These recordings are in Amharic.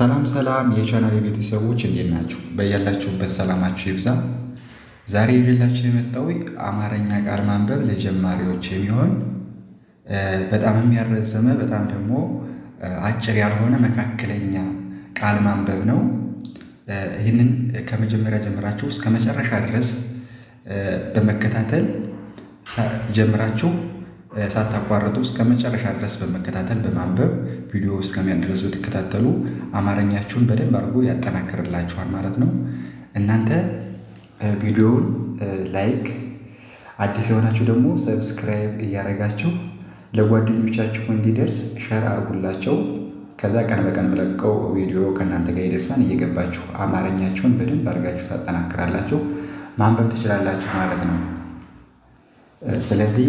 ሰላም ሰላም የቻናል የቤተሰቦች እንዴት ናችሁ? በያላችሁበት ሰላማችሁ ይብዛ። ዛሬ ይዤላችሁ የመጣው አማርኛ ቃል ማንበብ ለጀማሪዎች የሚሆን በጣም የሚያረዘመ በጣም ደግሞ አጭር ያልሆነ መካከለኛ ቃል ማንበብ ነው። ይህንን ከመጀመሪያ ጀምራችሁ እስከ መጨረሻ ድረስ በመከታተል ጀምራችሁ ሳታቋርጡ እስከ መጨረሻ ድረስ በመከታተል በማንበብ ቪዲዮ እስከሚያን ድረስ ብትከታተሉ አማርኛችሁን በደንብ አድርጎ ያጠናክርላችኋል ማለት ነው። እናንተ ቪዲዮውን ላይክ፣ አዲስ የሆናችሁ ደግሞ ሰብስክራይብ እያደረጋችሁ ለጓደኞቻችሁ እንዲደርስ ሸር አድርጉላቸው። ከዛ ቀን በቀን መለቀው ቪዲዮ ከእናንተ ጋር ይደርሳን እየገባችሁ አማርኛችሁን በደንብ አድርጋችሁ ታጠናክራላችሁ፣ ማንበብ ትችላላችሁ ማለት ነው። ስለዚህ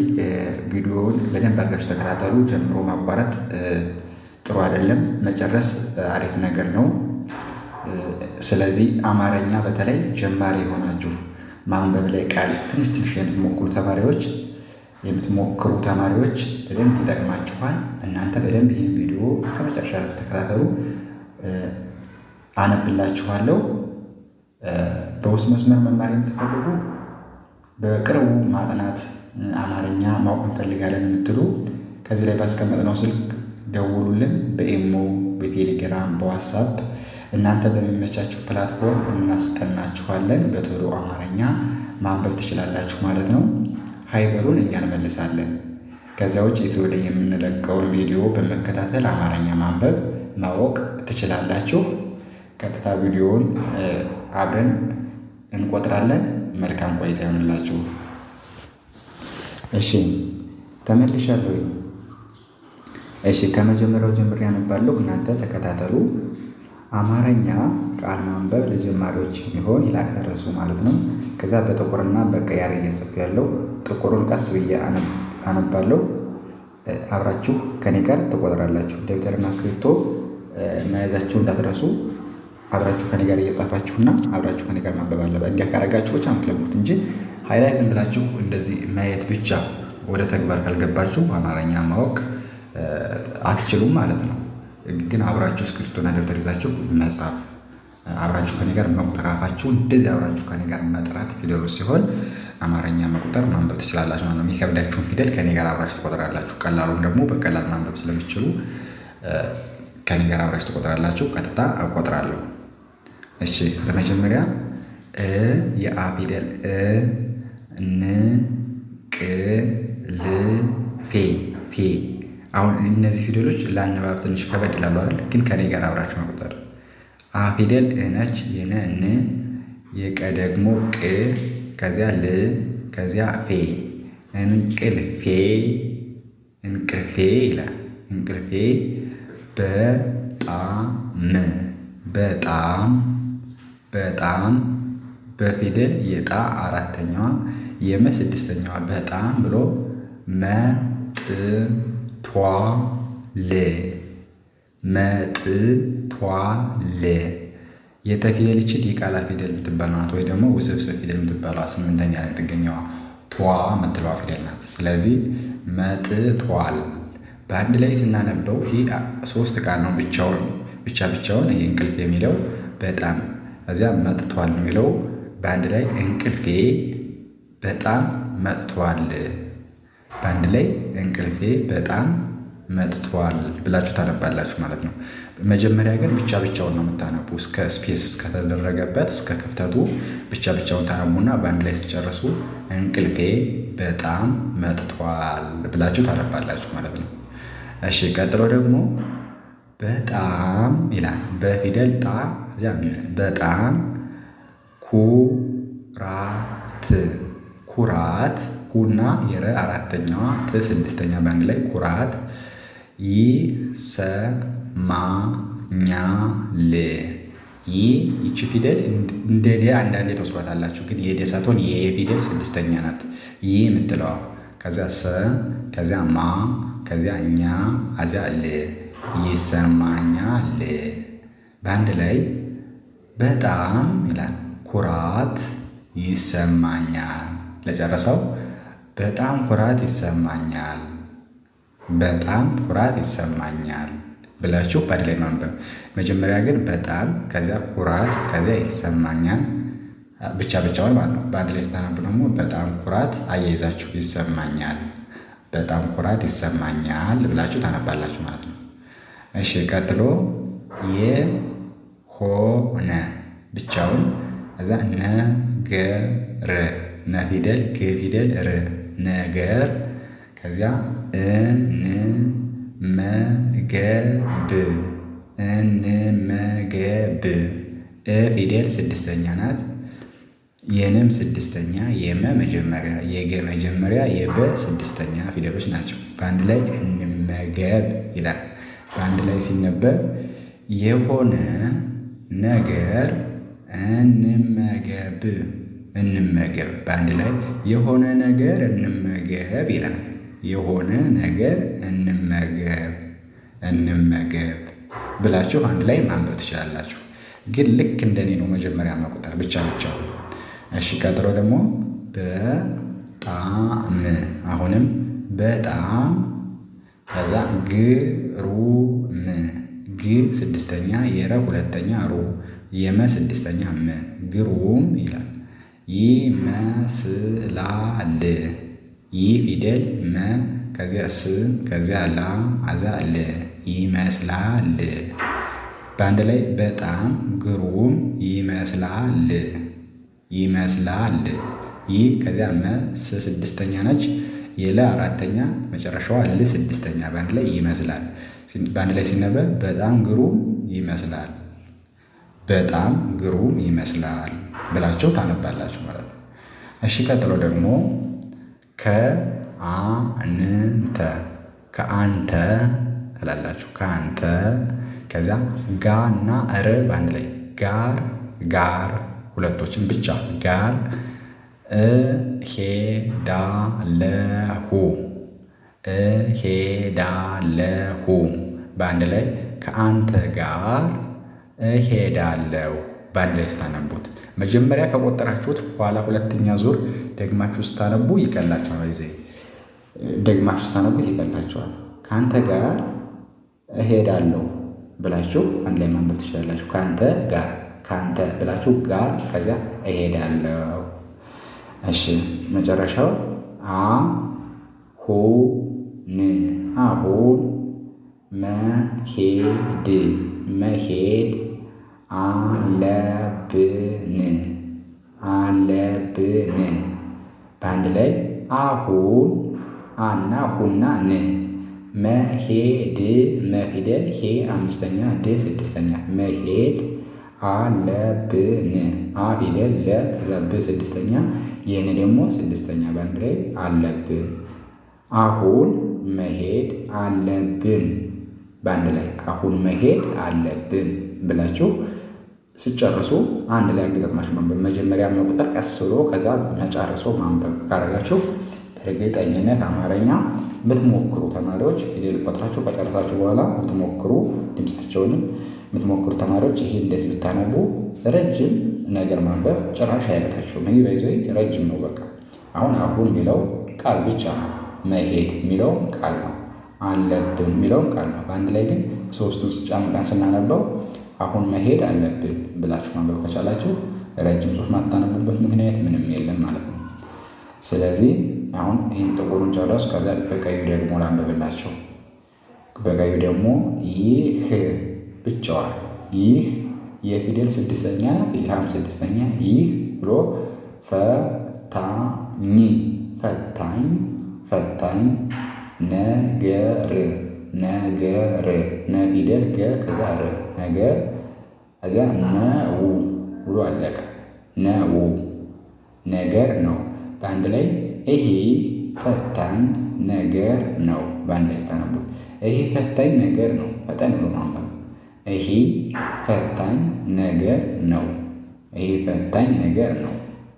ቪዲዮውን በደንብ አድርጋችሁ ተከታተሉ። ጀምሮ ማቋረጥ ጥሩ አይደለም፣ መጨረስ አሪፍ ነገር ነው። ስለዚህ አማርኛ በተለይ ጀማሪ የሆናችሁ ማንበብ ላይ ቃል ትንሽ ትንሽ የምትሞክሩ ተማሪዎች የምትሞክሩ ተማሪዎች በደንብ ይጠቅማችኋል። እናንተ በደንብ ይህን ቪዲዮ እስከ መጨረሻ ድረስ ተከታተሉ። አነብላችኋለሁ። በውስጥ መስመር መማር የምትፈልጉ በቅርቡ ማጥናት አማርኛ ማወቅ እንፈልጋለን የምትሉ ከዚህ ላይ ባስቀመጥነው ስልክ ደውሉልን። በኤሞ፣ በቴሌግራም፣ በዋትሳፕ እናንተ በሚመቻችሁ ፕላትፎርም እናስጠናችኋለን። በቶሎ አማርኛ ማንበብ ትችላላችሁ ማለት ነው። ሀይበሩን እኛ እንመልሳለን። ከዚያ ውጭ ዩቲዩብ ላይ የምንለቀውን ቪዲዮ በመከታተል አማርኛ ማንበብ ማወቅ ትችላላችሁ። ቀጥታ ቪዲዮውን አብረን እንቆጥራለን። መልካም ቆይታ ይሆንላችሁ። እሺ ተመልሻለሁ። እሺ ከመጀመሪያው ጀምሬ ያነባለሁ፣ እናንተ ተከታተሉ። አማርኛ ቃል ማንበብ ለጀማሪዎች የሚሆን ይላል ርዕሱ ማለት ነው። ከዛ በጥቁርና በቀያር እየጽፍ ያለው ጥቁሩን ቀስ ብዬ አነባለሁ። አብራችሁ ከኔ ጋር ትቆጥራላችሁ። ደብተርና እስክሪብቶ መያዛችሁ እንዳትረሱ። አብራችሁ ከኔ ጋር እየጻፋችሁና አብራችሁ ከኔ ጋር ማንበብ አለበት። እንዲያ ካረጋችሁ ብቻ ምትለሙት እንጂ ሃይላይት ዝም ብላችሁ እንደዚህ ማየት ብቻ ወደ ተግባር ካልገባችሁ አማርኛ ማወቅ አትችሉም ማለት ነው። ግን አብራችሁ እስክሪብቶና ደብተር ይዛችሁ መጻፍ አብራችሁ ከኔ ጋር መቁጠር አፋችሁ እንደዚህ አብራችሁ ከኔ ጋር መጥራት ፊደሉ ሲሆን አማርኛ መቁጠር ማንበብ ትችላላችሁ ማለት ነው። የሚከብዳችሁን ፊደል ከኔ ጋር አብራችሁ ትቆጥራላችሁ። ቀላሉን ደግሞ በቀላል ማንበብ ስለሚችሉ ከኔ ጋር አብራችሁ ትቆጥራላችሁ። ቀጥታ እቆጥራለሁ። እሺ፣ በመጀመሪያ እ የአ ፊደል እ እንቅልፌ ፌ አሁን እነዚህ ፊደሎች ለአነባብ ትንሽ ከበድ ይላሉ አይደል? ግን ከኔ ጋር አብራችሁ መቁጠር። አ ፊደል እ የነ ን የቀ ደግሞ ቅ ከዚያ ል ከዚያ ፌ እንቅልፌ እንቅልፌ ይላል። እንቅልፌ በጣም በጣም በጣም በፊደል የጣ አራተኛዋ የመ ስድስተኛዋ በጣም ብሎ መጥቷል መጥቷል። የተ ፊደል ይቺ ፊደል የምትባል ናት፣ ወይ ደግሞ ውስብስብ ፊደል የምትባለዋ ስምንተኛ ላይ የምትገኘዋ ቷ የምትለዋ ፊደል ናት። ስለዚህ መጥቷል በአንድ ላይ ስናነበው ይህ ሶስት ቃል ነው ብቻውን ብቻ ብቻውን ይሄ እንቅልፍ የሚለው በጣም እዚያ መጥቷል የሚለው በአንድ ላይ እንቅልፌ በጣም መጥቷል። በአንድ ላይ እንቅልፌ በጣም መጥቷል ብላችሁ ታነባላችሁ ማለት ነው። መጀመሪያ ግን ብቻ ብቻውን ነው የምታነቡ። እስከ ስፔስ እስከተደረገበት እስከ ክፍተቱ ብቻ ብቻውን ታነቡና በአንድ ላይ ስጨርሱ እንቅልፌ በጣም መጥቷል ብላችሁ ታነባላችሁ ማለት ነው። እሺ፣ ቀጥሎ ደግሞ በጣም ይላል። በፊደል ጣ በጣም ኩራት ኩራት ኩና የረ አራተኛዋ ት ስድስተኛ በአንድ ላይ ኩራት ይሰማኛል። ይህ ይቺ ፊደል እንደ ደ አንዳንዴ ተወስዷታላችሁ፣ ግን የደ ሳትሆን ፊደል ስድስተኛ ናት። ይህ የምትለዋ ከዚያ ሰ ከዚያ ማ ከዚያ እኛ አዚያ ል ይሰማኛል። በአንድ ላይ በጣም ይላል ኩራት ይሰማኛል። ለጨረሰው በጣም ኩራት ይሰማኛል፣ በጣም ኩራት ይሰማኛል ብላችሁ በአንድ ላይ ማንበብ። መጀመሪያ ግን በጣም ከዚያ ኩራት ከዚያ ይሰማኛል ብቻ ብቻውን ማለት ነው። በአንድ ላይ ስታነቡ ደግሞ በጣም ኩራት አያይዛችሁ ይሰማኛል፣ በጣም ኩራት ይሰማኛል ብላችሁ ታነባላችሁ ማለት ነው። እሺ ቀጥሎ የሆነ ብቻውን እዛ ነገር ነ ግፊደል ግ ር ነገር ከዚያ እንመገብ እንመገብ እ ፊደል ስድስተኛ ናት። የንም ስድስተኛ የመ መጀመሪያ የገ መጀመሪያ የበ ስድስተኛ ፊደሎች ናቸው። በአንድ ላይ እንመገብ ይላል። በአንድ ላይ ሲነበብ የሆነ ነገር እንመገብ እንመገብ በአንድ ላይ የሆነ ነገር እንመገብ ይላል። የሆነ ነገር እንመገብ እንመገብ ብላችሁ አንድ ላይ ማንበብ ትችላላችሁ። ግን ልክ እንደኔ ነው መጀመሪያ መቁጠር ብቻ ብቻ። እሺ፣ ቀጥሎ ደግሞ በጣም አሁንም በጣም ከዛ ግሩም ግ ስድስተኛ የረ ሁለተኛ ሩ የመ ስድስተኛ ም ግሩም ይላል። ይመስላል። ይህ ፊደል መ ከዚያ ስ ከዚያ ላ አዛ ለ ይመስላል። በአንድ ላይ በጣም ግሩም ይመስላል ይመስላል። ይህ ከዚያ መ ስ ስድስተኛ ነች። የለ አራተኛ መጨረሻዋ ል ስድስተኛ በአንድ ላይ ይመስላል። በአንድ ላይ ሲነበብ በጣም ግሩም ይመስላል። በጣም ግሩም ይመስላል ብላችሁ ታነባላችሁ ማለት ነው። እሺ ቀጥሎ ደግሞ ከአንተ ከአንተ ትላላችሁ። ከአንተ ከዚያ እና ር በአንድ ላይ ጋር ጋር ሁለቶችን ብቻ ጋር እሄዳለሁ እሄዳለሁ በአንድ ላይ ከአንተ ጋር እሄዳለሁ በአንድ ላይ ስታነቡት መጀመሪያ ከቆጠራችሁት ኋላ ሁለተኛ ዙር ደግማችሁ ስታነቡ ይቀላችኋል። ይዜ ደግማችሁ ስታነቡት ይቀላቸዋል። ከአንተ ጋር እሄዳለሁ ብላችሁ አንድ ላይ ማንበብ ትችላላችሁ። ከአንተ ጋር ከአንተ ብላችሁ ጋር ከዚያ እሄዳለሁ። እሺ መጨረሻው ን አሁን መሄድ መሄድ አለብን አለብን በአንድ ላይ አሁን አና ሁና ን መሄድ መፊደል ሄ አምስተኛ ድ ስድስተኛ መሄድ አለብን አፊደል ለ ከዛ ብ ስድስተኛ ይህን ደግሞ ስድስተኛ በአንድ ላይ አለብን አሁን መሄድ አለብን በአንድ ላይ አሁን መሄድ አለብን ብላችሁ ሲጨርሱ አንድ ላይ አገጣጥማችሁ ማንበብ። መጀመሪያ መቁጠር ቀስ ብሎ ከዛ መጨርሶ ማንበብ ካረጋችሁ እርግጠኝነት አማርኛ የምትሞክሩ ተማሪዎች ፊደል ቆጥራችሁ ከጨረሳችሁ በኋላ የምትሞክሩ ድምፃቸውንም የምትሞክሩ ተማሪዎች ይሄ እንደዚህ ብታነቡ ረጅም ነገር ማንበብ ጭራሽ አይበታቸውም። ይህ በይዞ ረጅም ነው። በቃ አሁን አሁን የሚለው ቃል ብቻ ነው። መሄድ የሚለውም ቃል ነው። አለብን የሚለውም ቃል ነው። በአንድ ላይ ግን ሶስቱን ስጫምቃን ስናነበው አሁን መሄድ አለብን ብላችሁ ማንበብ ከቻላችሁ ረጅም ጽሁፍ ማታነቡበት ምክንያት ምንም የለም ማለት ነው። ስለዚህ አሁን ይህን ጥቁሩን ጨረሱ። ከዚያ በቀዩ ደግሞ ላንብብላቸው። በቀዩ ደግሞ ይህ ብቻዋ ይህ የፊደል ስድስተኛ ናት። ይህም ስድስተኛ ይህ ብሎ ፈታኝ ፈታኝ ፈታኝ ነገር ነገር ነፊደል ገ ከዛ ነገር እዚያ ነው ብሎ አለቀ። ነው ነገር ነው። በአንድ ላይ ይሄ ፈታኝ ነገር ነው። በአንድ ላይ ስታነቡት ይሄ ፈታኝ ነገር ነው። ፈጣን ብሎ ማንበብ። ይሄ ፈታኝ ነገር ነው። ይሄ ፈታኝ ነገር ነው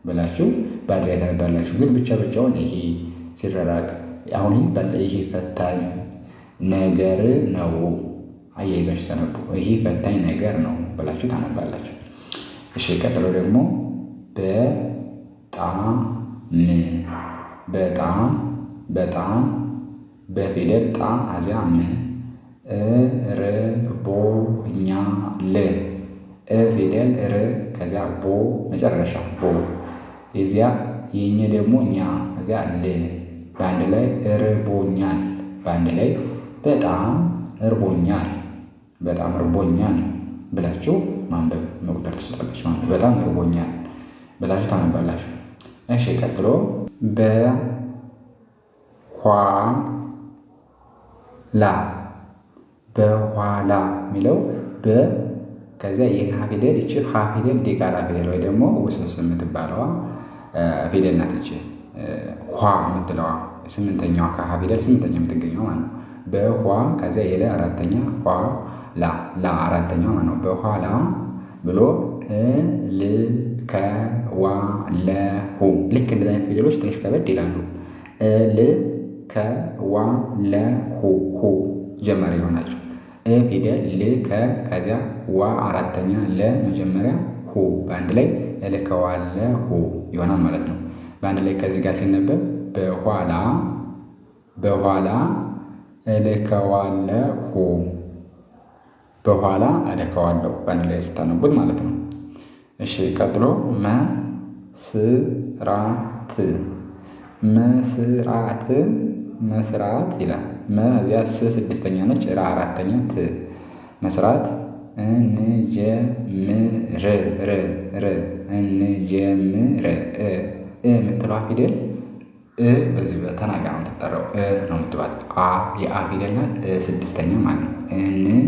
ብላችሁ በአንድ ላይ ታነባላችሁ። ግን ብቻ ብቻውን ይሄ ሲረራቅ አሁን ይሄ ፈታኝ ነገር ነው አያይዛችሁ ተነቡ። ይሄ ፈታኝ ነገር ነው ብላችሁ ታነባላችሁ። እሺ፣ ቀጥሎ ደግሞ በጣም በጣም በጣም በፊደል ጣ አዚያ ም እርቦኛል እ ፊደል ር ከዚያ ቦ መጨረሻ ቦ የዚያ የኘ ደግሞ እኛ እዚያ ል በአንድ ላይ እርቦኛል በአንድ ላይ በጣም እርቦኛል በጣም እርቦኛል ብላችሁ ማንበብ መቁጠር ትችላላችሁ። ማለት በጣም እርቦኛል ብላችሁ ታነባላችሁ። እሺ ቀጥሎ በኋላ በኋላ የሚለው በ ከዚያ ይህ ሀ ፊደል ይች ሀ ፊደል ዲቃላ ፊደል ወይ ደግሞ ውስብስብ የምትባለዋ ፊደል ናት። ይች ኋ የምትለዋ ስምንተኛዋ ከሀ ፊደል ስምንተኛ የምትገኘው ማለት ነው። በኋ ከዚያ የለ አራተኛ ኋ ላ ላ አራተኛው ማለት ነው። በኋላ ብሎ ል ከ ዋ ለ ሁ ልክ እንደዚህ አይነት ፊደሎች ትንሽ ከበድ ይላሉ። ል ከ ዋ ለ ሁ ሁ መጀመሪያ ይሆናቸው እ ፊደል ል ከ ከዚያ ዋ አራተኛ ለ መጀመሪያ ሁ በአንድ ላይ ል ከ ዋ ለ ሁ ይሆናል ማለት ነው። በአንድ ላይ ከዚህ ጋር ሲነበብ በኋላ በኋላ ል ሁ በኋላ እደካዋለሁ። በአንድ ላይ ስታነቡት ማለት ነው። እሺ ቀጥሎ መስራት መስራት መስራት ይላል። መዚያ ስ ስድስተኛ ነች፣ ራ አራተኛ፣ ት መስራት እንጀምር ር እንጀምር እ የምትለዋ ፊደል እ በዚህ በተናጋ ነው የምትጠራው እ ነው የምትባት። አ የአ ፊደል ናት። እ ስድስተኛ ማለት ነው።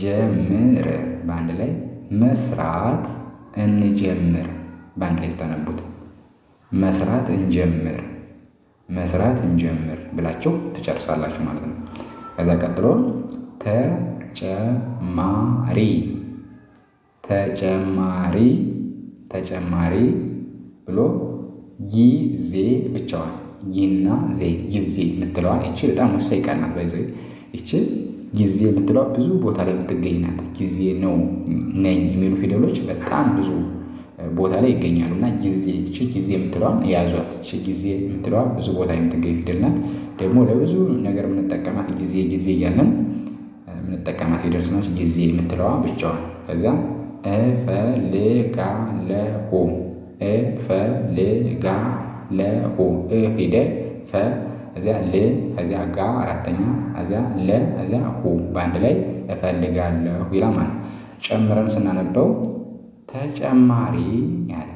ጀምር በአንድ ላይ መስራት እንጀምር በአንድ ላይ ስታነቡት መስራት እንጀምር መስራት እንጀምር ብላችሁ ትጨርሳላችሁ ማለት ነው። ከዛ ቀጥሎ ተጨማሪ ተጨማሪ ተጨማሪ ብሎ ጊዜ ብቻዋን ጊና ዜ ጊዜ የምትለዋ ይቺ በጣም ወሳኝ ቃል ናት። ይቺ ጊዜ የምትለዋ ብዙ ቦታ ላይ የምትገኝ ናት። ጊዜ ነው ነኝ የሚሉ ፊደሎች በጣም ብዙ ቦታ ላይ ይገኛሉ እና ጊዜ እቺ ጊዜ የምትለዋ የያዟት እቺ ጊዜ የምትለዋ ብዙ ቦታ የምትገኝ ፊደል ናት። ደግሞ ለብዙ ነገር የምንጠቀማት ጊዜ ጊዜ እያለን የምንጠቀማት ፊደል ስለሆነች ጊዜ የምትለዋ ብቻዋን ከዚያ እፈልጋለሁ እፈልጋለሁ እ ፊደል ፈ እዚያ ል እዚያ ጋ አራተኛ እዚያ ለ እዚያ ሁ በአንድ ላይ እፈልጋለሁ ይላል ማለት ነው። ጨምረን ስናነበው ተጨማሪ ያለ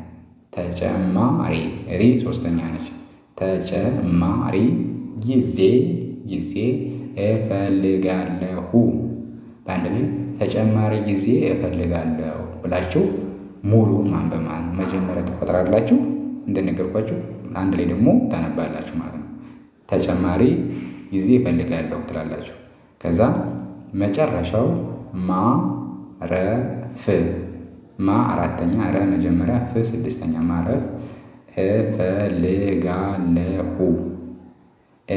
ተጨማሪ ሪ ሶስተኛ ነች። ተጨማሪ ጊዜ ጊዜ እፈልጋለሁ በአንድ ላይ ተጨማሪ ጊዜ እፈልጋለሁ ብላችሁ ሙሉ ማንበብ መጀመሪያ ትቆጥራላችሁ እንደነገርኳችሁ አንድ ላይ ደግሞ ታነባላችሁ ማለት ነው። ተጨማሪ ጊዜ እፈልጋለሁ ትላላችሁ። ከዛ መጨረሻው ማ ረ ፍ ማ አራተኛ ረ መጀመሪያ ፍ ስድስተኛ ማረፍ እፈልጋለሁ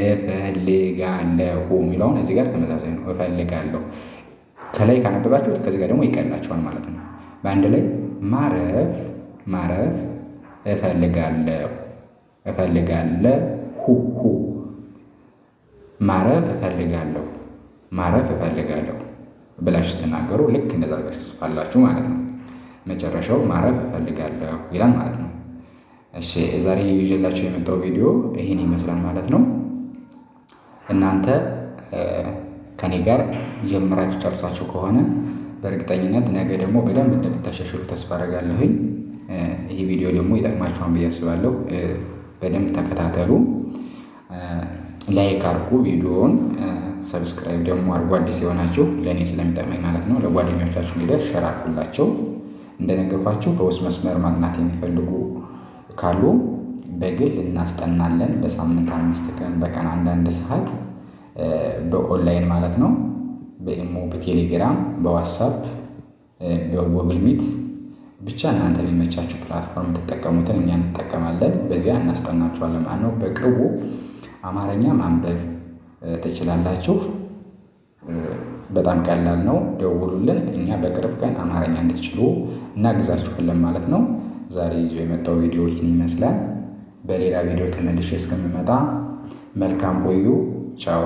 እፈልጋለሁ የሚለውን እዚህ ጋር ተመሳሳይ ነው። እፈልጋለሁ ከላይ ካነበባችሁት ከዚህ ጋር ደግሞ ይቀላችኋል ማለት ነው። በአንድ ላይ ማረፍ ማረፍ እፈልጋለሁ እፈልጋለሁ ሁ ማረፍ እፈልጋለሁ ማረፍ እፈልጋለሁ ብላችሁ ስትናገሩ ልክ እንደዛ አድርጋችሁ ትጽፋላችሁ ማለት ነው። መጨረሻው ማረፍ እፈልጋለሁ ይላል ማለት ነው። እሺ ዛሬ ይዤላችሁ የመጣው ቪዲዮ ይህን ይመስላል ማለት ነው። እናንተ ከኔ ጋር ጀምራችሁ ጨርሳችሁ ከሆነ በእርግጠኝነት ነገ ደግሞ በደንብ እንደምታሻሽሉ ተስፋ አደርጋለሁኝ። ይህ ቪዲዮ ደግሞ ይጠቅማችኋን ብዬ አስባለሁ። በደንብ ተከታተሉ። ላይክ አርጉ፣ ቪዲዮውን ሰብስክራይብ ደግሞ አርጉ። አዲስ የሆናችሁ ለእኔ ስለሚጠቅመኝ ማለት ነው። ለጓደኞቻችሁ እንግዲህ ሸር አርጉላቸው። እንደነገርኳችሁ በውስጥ መስመር ማጥናት የሚፈልጉ ካሉ በግል እናስጠናለን። በሳምንት አምስት ቀን በቀን አንዳንድ ሰዓት በኦንላይን ማለት ነው። በኢሞ፣ በቴሌግራም፣ በዋትሳፕ፣ በጎግል ሚት ብቻ እናንተ የሚመቻችሁ ፕላትፎርም ትጠቀሙትን እኛ እንጠቀማለን። በዚያ እናስጠናችኋለን ማለት ነው በቅርቡ አማርኛ ማንበብ ትችላላችሁ። በጣም ቀላል ነው። ደውሉልን። እኛ በቅርብ ቀን አማርኛ እንድትችሉ እናግዛችኋለን ማለት ነው። ዛሬ ይዞ የመጣው ቪዲዮ ይህን ይመስላል። በሌላ ቪዲዮ ተመልሼ እስከምመጣ መልካም ቆዩ። ቻው